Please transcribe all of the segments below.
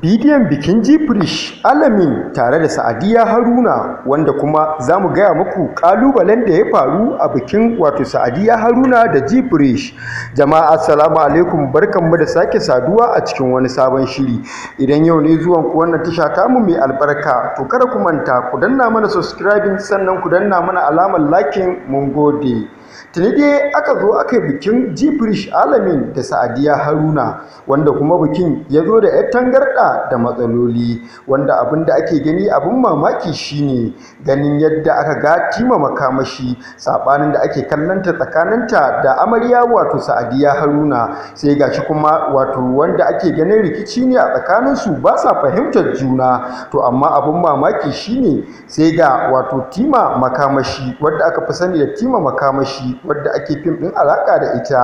bidiyon bikin jifrish alamin tare da sa'adiya haruna wanda kuma za mu gaya muku kalubalen da ya faru a bikin wato sa'adiya haruna da jifrish jama'a assalamu alaikum barkanmu da sake saduwa a cikin wani sabon shiri idan yau ne zuwan ku wannan tasha mu mai albarka to kada ku manta ku danna mana subscribing sannan ku danna mana alamar lakin mun gode tuni dai aka zo aka bikin jibrish alamin da sa'adiya haruna wanda kuma bikin ya zo da yar tangarɗa da matsaloli wanda abin da ake gani abin mamaki shine ganin yadda aka ga tima makamashi saɓanin da ake kallanta tsakaninta da amarya wato sa'adiya haruna sai ga shi kuma wato wanda ake ganin rikici ne a tsakaninsu ba sa fahimtar juna to amma abin mamaki shine sai ga wato tima makamashi wanda aka fi sani da tima makamashi shi wadda ake fim ɗin alaƙa da ita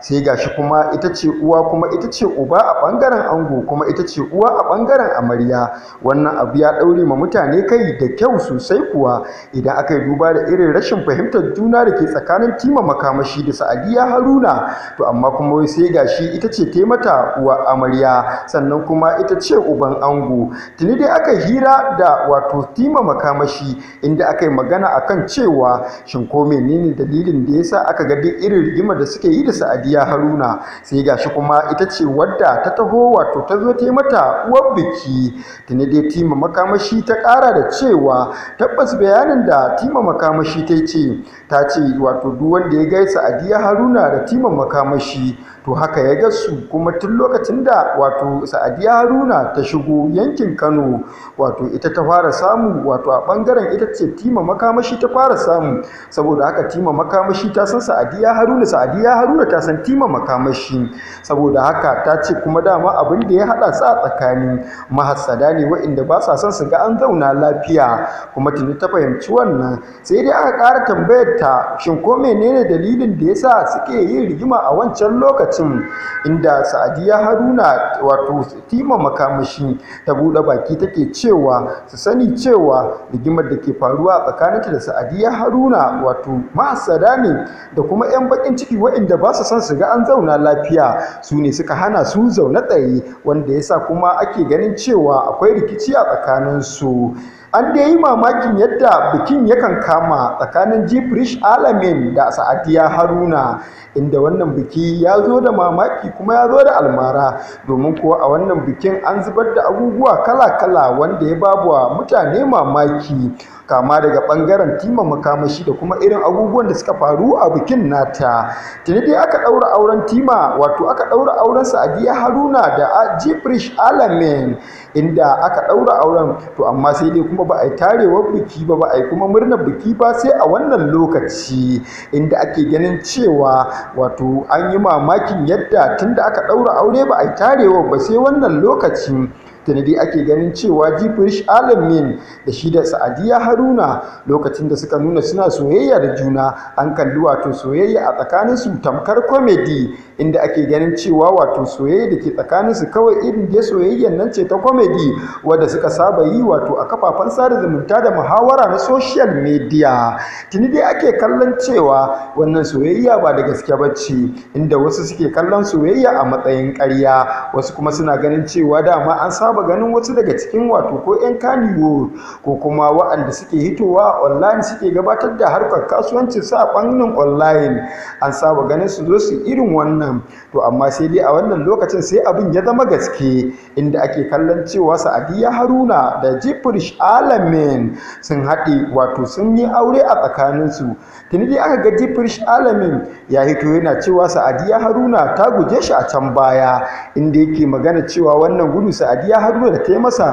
sai gashi kuma ita ce uwa kuma ita ce uba a ɓangaren ango kuma ita ce uwa a ɓangaren amarya wannan abu ya ɗaure ma mutane kai da kyau sosai kuwa idan aka yi duba da irin rashin fahimtar juna da ke tsakanin tima makamashi da sa'adiya haruna to amma kuma sai gashi ita ce ta mata uwa amarya sannan kuma ita ce uban ango tuni dai aka hira da wato tima makamashi inda aka yi magana akan cewa shin ko menene dalilin dalilin da yasa aka ga duk irin rigimar da suke yi da Sa'adiya Haruna sai gashi kuma ita ce wadda ta taho wato ta zo ta yi mata uwar biki tuni dai tima makamashi ta kara da cewa tabbas bayanin da tima makamashi ta ce ta ce wato duk wanda ya gaisa Sa'adiya Haruna da tima makamashi to haka ya gasu kuma tun lokacin da wato haruna ta shigo yankin kano wato ita ta fara samu wato a bangaren ita ce tima makamashi ta fara samu saboda haka tima makamashi ta san sa'adiya haruna sa'adiya haruna ta san tima makamashi saboda haka ta ce kuma dama abin da ya hada sa a tsakani mahassada ne waɗanda ba sa son su ga an zauna lafiya kuma tuni ta fahimci wannan sai dai aka kara tambayar ta shin ko menene dalilin da yasa suke yin rigima a wancan lokacin lokacin inda sa'adiya haruna wato tima makamashi ta buɗe baki take cewa su sani cewa rigimar da ke faruwa tsakaninta da sa'adiya haruna wato ma'asada ne da kuma 'yan bakin ciki waɗanda ba su san su ga an zauna lafiya su ne suka hana su zaune tsaye wanda yasa kuma ake ganin cewa akwai rikici a tsakaninsu an da yi mamakin yadda bikin yakan kama tsakanin jifrish alamin da sa'adiya haruna inda wannan biki ya zo da mamaki kuma ya zo da almara domin kuwa a wannan bikin an zubar da abubuwa kala-kala wanda ya babuwa mutane mamaki kama daga bangaren timan makamashi da kuma irin abubuwan da suka faru a bikin nata tuni dai aka daura auren tima wato aka daura auren sa'adiya haruna da jibrish alamin inda aka daura auren to amma sai dai kuma ba a yi tarewar biki ba ba a yi kuma murnar biki ba sai a wannan lokaci inda ake ganin cewa wato an yi mamakin yadda tunda aka daura aure ba a yi tarewar ba sai wannan lokacin dai ake ganin cewa alam alamin da shi da sa'adiyya haruna lokacin da suka nuna suna soyayya da juna an kalli wato soyayya a tsakaninsu tamkar komedi inda ake ganin cewa wato soyayya da ke tsakanin su kawai irin da soyayyan nan ce ta komedi wadda suka saba yi wato a kafafen sada zumunta da muhawara na social media tuni dai ake kallon cewa wannan soyayya ba da gaske ba ce inda wasu suke kallon soyayya a matsayin ƙarya wasu kuma suna ganin cewa dama an saba saba ganin wasu daga cikin wato ko 'yan kaniwo ko kuma wa'anda suke hitowa online suke gabatar da harkar kasuwancin su a ɓangaren online an saba ganin su zo su irin wannan to amma sai dai a wannan lokacin sai abin ya zama gaske inda ake kallon cewa sa'adiyya haruna da jifrish alamin sun haɗe wato sun yi aure a tsakaninsu tuni dai aka ga jifrish alamin ya hito yana cewa sa'adiyya haruna ta guje shi a can baya inda yake magana cewa wannan gudu sa'adiyya hadu da ta masa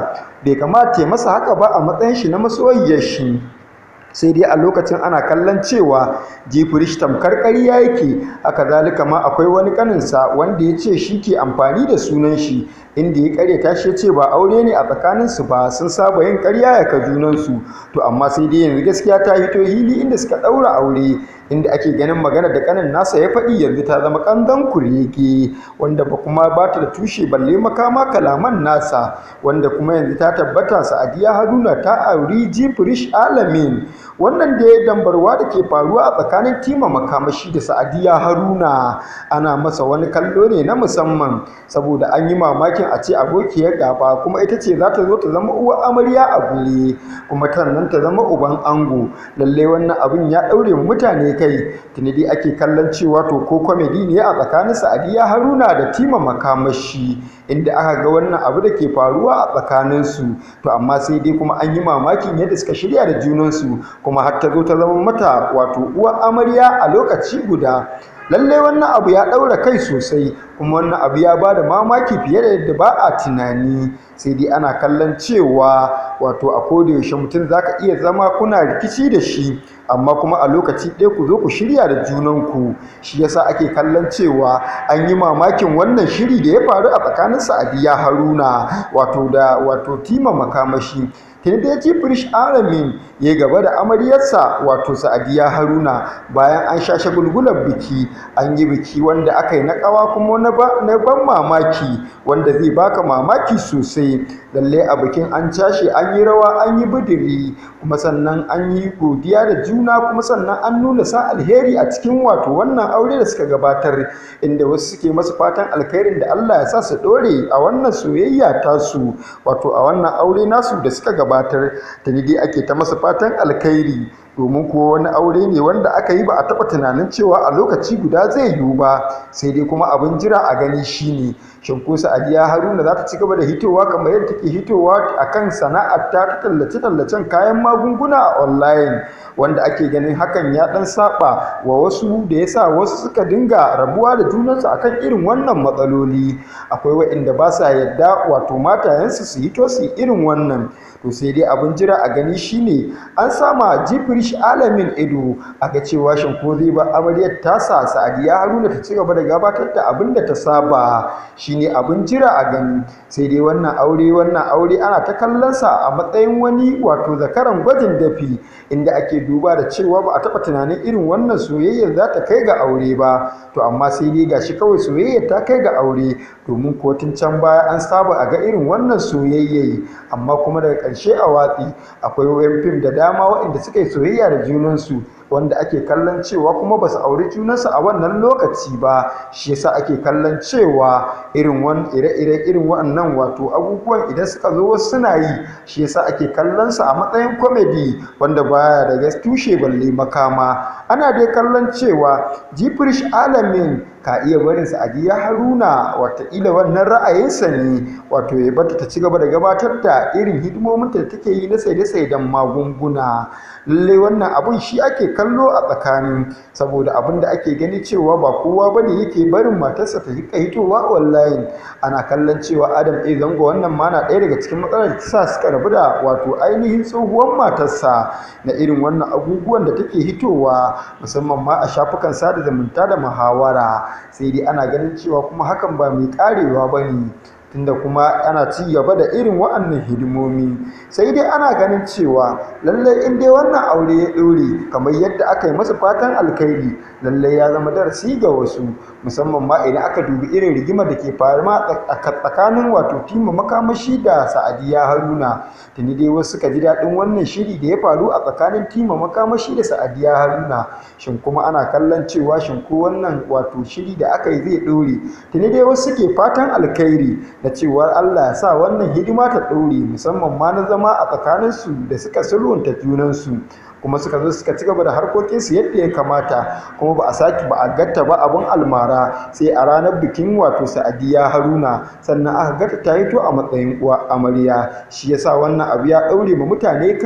bai kamata ya masa haka ba a matsayin shi na masoyiyar shi sai dai a lokacin ana kallon cewa jifirish tamkar ƙarya yake aka zalika ma akwai wani kaninsa wanda ya ce shi ke amfani da sunan shi inda ya karya ta shi ce ba aure ne a tsakaninsu ba sun saba yin ƙarya ya ka junansu to amma sai dai yanzu gaskiya ta hito hili inda suka ɗaura aure inda ake ganin magana da kanin nasa ya faɗi yanzu ta zama kandan kurege wanda ba kuma ba ta da tushe balle makama kalaman nasa wanda kuma yanzu ta tabbata sa'adiya haruna ta auri jibrish alamin wannan da ya dambarwa da ke faruwa a tsakanin tima makamashi da sa'adiya haruna ana masa wani kallo ne na musamman saboda an yi mamakin a ce abokiyar gaba kuma ita ce za ta zo ta zama uwa amarya a gure kuma nan ta zama uban ango lalle wannan abin ya ɗaure mutane kai tuni dai ake kallon cewa to ko kwamedi ne a tsakanin sa'adiya haruna da tima makamashi inda aka ga wannan abu da ke faruwa a tsakaninsu to amma sai dai kuma an yi mamakin yadda suka shirya da junansu kuma har ta zo ta zama mata wato uwa amarya a lokaci guda lallai wannan abu ya ɗaura kai sosai kuma wannan abu ya ba da mamaki fiye da yadda ba a tunani sai dai ana kallon cewa wato a yaushe mutum za ka iya zama kuna rikici da shi amma kuma a lokaci ɗaya ku zo ku shirya da junanku shi yasa ake kallon cewa an yi mamakin wannan shiri da ya faru a tsakanin sa'adiya haruna wato da wato tima makamashi ya ci firish aramin ya gaba da amaryarsa wato sa'adiya haruna bayan an sha shagulgular biki an yi biki wanda aka yi na kawa kuma na ban mamaki wanda zai baka mamaki sosai lalle a bikin an cashe an yi rawa an yi bidiri kuma sannan an yi godiya da juna kuma sannan an nuna sa alheri a cikin wato wannan aure da suka gabatar inda wasu suke masu fatan alkhairin da Allah ya sa su dore a wannan soyayya tasu wato a wannan aure nasu da suka gabatar gabatar ta dai ake ta masa fatan alkhairi domin kuwa wani aure ne wanda aka yi ba a taɓa tunanin cewa a lokaci guda zai yiwu ba sai dai kuma abin jira a gani shine ne. ko sa'adiya haruna za ta ci gaba da hitowa kamar yadda take hitowa a kan sana'ar ta tallace tallacen kayan magunguna a online wanda ake ganin hakan ya ɗan saba wa wasu da yasa wasu suka dinga rabuwa da junansu akan irin wannan matsaloli akwai wa'inda ba sa yadda wato matayensu su hito su irin wannan to sai dai abin jira a gani shine an sama jifiri shi alamin ido aka cewa washin ko zai ba amaryar tasa sa'adiya haruna ta ci gaba da gabatar da abin da ta saba shine abin jira a gani sai dai wannan aure wannan aure ana ta kallon sa a matsayin wani wato zakaran gwajin dafi inda ake duba da cewa ba a taba tunanin irin wannan soyayyar za ta kai ga aure ba to amma sai dai gashi kawai soyayyar ta kai ga aure domin kotun can baya an saba a ga irin wannan soyayyar amma kuma daga ƙarshe a watsi akwai wayan fim da dama waɗanda suka yi soyayya tarbiyyar junansu wanda ake kallon cewa kuma ba su auri junansu a wannan lokaci ba shi yasa ake kallon cewa irin wani ire-ire irin waɗannan wato abubuwan idan suka zo wasu suna yi shi yasa ake kallon su a matsayin komedi wanda baya daga tushe balle makama ana dai kallon cewa jifrish alamin ka iya barinsa a giya haruna wataƙila wannan ra'ayinsa ne wato ya bata ta ci gaba da gabatar da irin hidimominta da take yi na sai-da-sai saiden magunguna lallai wannan abun shi ake kallo a tsakanin saboda abin da ake gani cewa ba kowa ba ne yake barin matarsa ta rika hitowa online ana kallon cewa adam a eh, zango wannan ma na ɗaya daga cikin matsalar da sa suka rabu da wato ainihin tsohuwan matarsa na irin wannan abubuwan da take hitowa musamman ma a shafukan sada zumunta da muhawara sai dai ana ganin cewa kuma hakan ba mai karewa ba ne tunda kuma ana ci gaba da irin wa'annan hidimomi sai dai ana ganin cewa lallai in dai wannan aure ya ɗore kamar yadda aka yi masa fatan alkhairi lallai ya zama darasi ga wasu musamman ma idan aka dubi irin rigima da ke faruwa a tsakanin wato tima makamashi da sa'adiya haruna tuni dai wasu suka ji daɗin wannan shiri da ya faru a tsakanin tima makamashi da sa'adiya haruna shin kuma ana kallon cewa shin ko wannan wato shiri da aka yi zai ɗore tuni dai wasu suke fatan alkhairi da cewar Allah ya sa wannan hidima ta ɗore musamman ma na zama a tsakaninsu da suka sulhunta junansu kuma suka zo suka ci gaba da harkokinsu yadda ya kamata kuma ba a sake ba a gatta ba abun almara sai a ranar bikin wato sa'adiya haruna sannan aka gata ta hito a matsayin uwa amarya shi yasa wannan abu ya daure ma mutane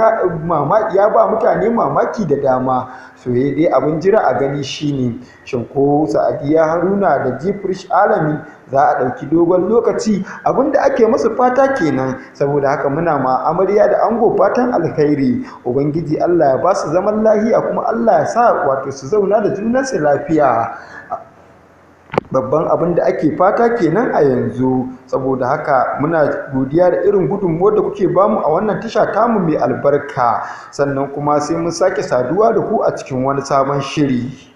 mamaki ya ba mutane mamaki da dama soye dai abin jira a gani shine shin ko sa'adiya haruna da jifrish alami za a ɗauki dogon lokaci abinda ake masu fata kenan saboda haka muna ma amarya da ango fatan alkhairi ubangiji allah ya ba su zaman lahiya kuma Allah ya sa wato su zauna da junansu lafiya babban abin da ake fata kenan a yanzu saboda haka muna godiya da irin gudunmuwar da kuke bamu a wannan tasha tamu mai albarka sannan kuma sai mun sake saduwa da ku a cikin wani sabon shiri